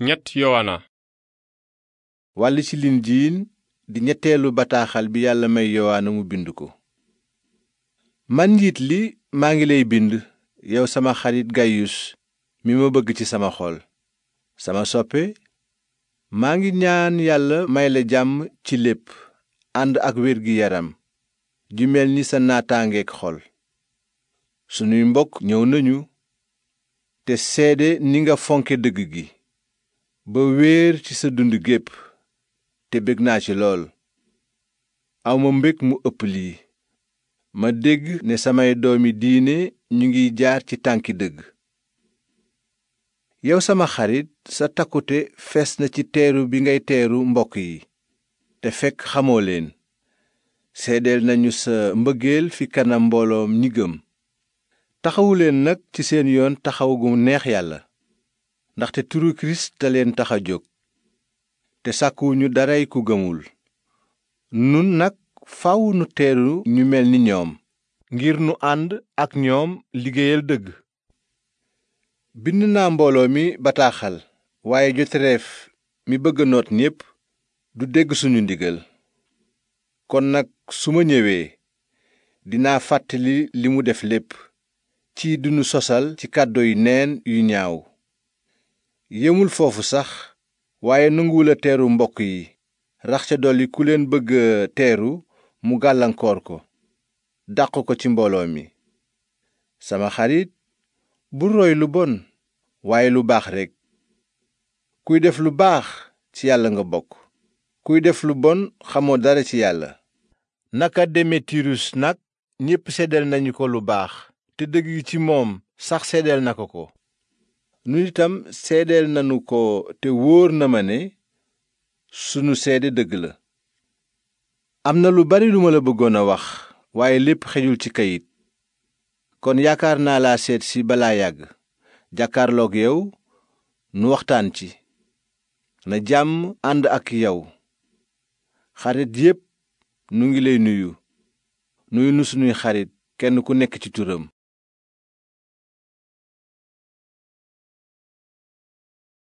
ñett wàll ci linjiin di ñetteelu bataaxal bi yàlla may yowaana mu bind ko man njiit li maa ngi lay bind yow sama xarit gayus mi ma bëgg ci sama xol sama soppe maa ngi ñaan yàlla may la jàmm ci lépp ànd ak wér gi yaram ju mel ni sa naataangeeg xol sunuy mbokk ñëw nañu te seede ni nga fonke dëgg gi ba wéer ci sa dund gépp te bég naa ci lool awma mbég mu ëpp lii ma dégg ne samay doomi diine ñu ngi jaar ci tànki dëgg yow sama xarit sa takkute fees na ci teeru bi ngay teeru mbokk yi te fekk xamoo leen seedeel nañu sa mbëggeel fi kanam mbooloom ñi gëm taxawuleen nag ci seen yoon taxaw gu neex yàlla ndaxte turu kirist da leen tax a jóg te sàkkuwuñu daray ku gëmul nun nag faw nu teeru ñu mel ni ñoom ngir nu ànd ak ñoom liggéeyal dëgg bind naa mbooloo mi bataaxal waaye jotereef mi bëgg noot ñépp du dégg suñu ndigal kon nag su ma ñëwee dinaa fàttali li mu def lépp ci dunu sosal ci kàddu neen yu ñaaw yëmul foofu sax waaye nanguwula teeru mbokk yi rax ca dolli ku leen bëgga teeru mu gàllankoor ko dàq ko ci mbooloo mi sama xarit bu roy lu bon waaye lu baax rekk kuy def lu baax ci yàlla nga bokk kuy def lu bon xamoo dara ci yàlla naka demetirus nag ñépp seddal nañu ko lu baax te dëgg ci moom sax seddal na ko ko nun itam seedeel nanu ko te wóor na ma ne sunu seede dëgg la am na lu bari lu ma la bëggoon a wax waaye lépp xejul ci kayit kon yaakaar naa laa seet si balaa yàgg jàkkaarloog yow nu waxtaan ci na jàmm ànd ak yow xarit yépp nu ngi lay nuyu nuyu nu sunuy xarit kenn ku nekk ci turam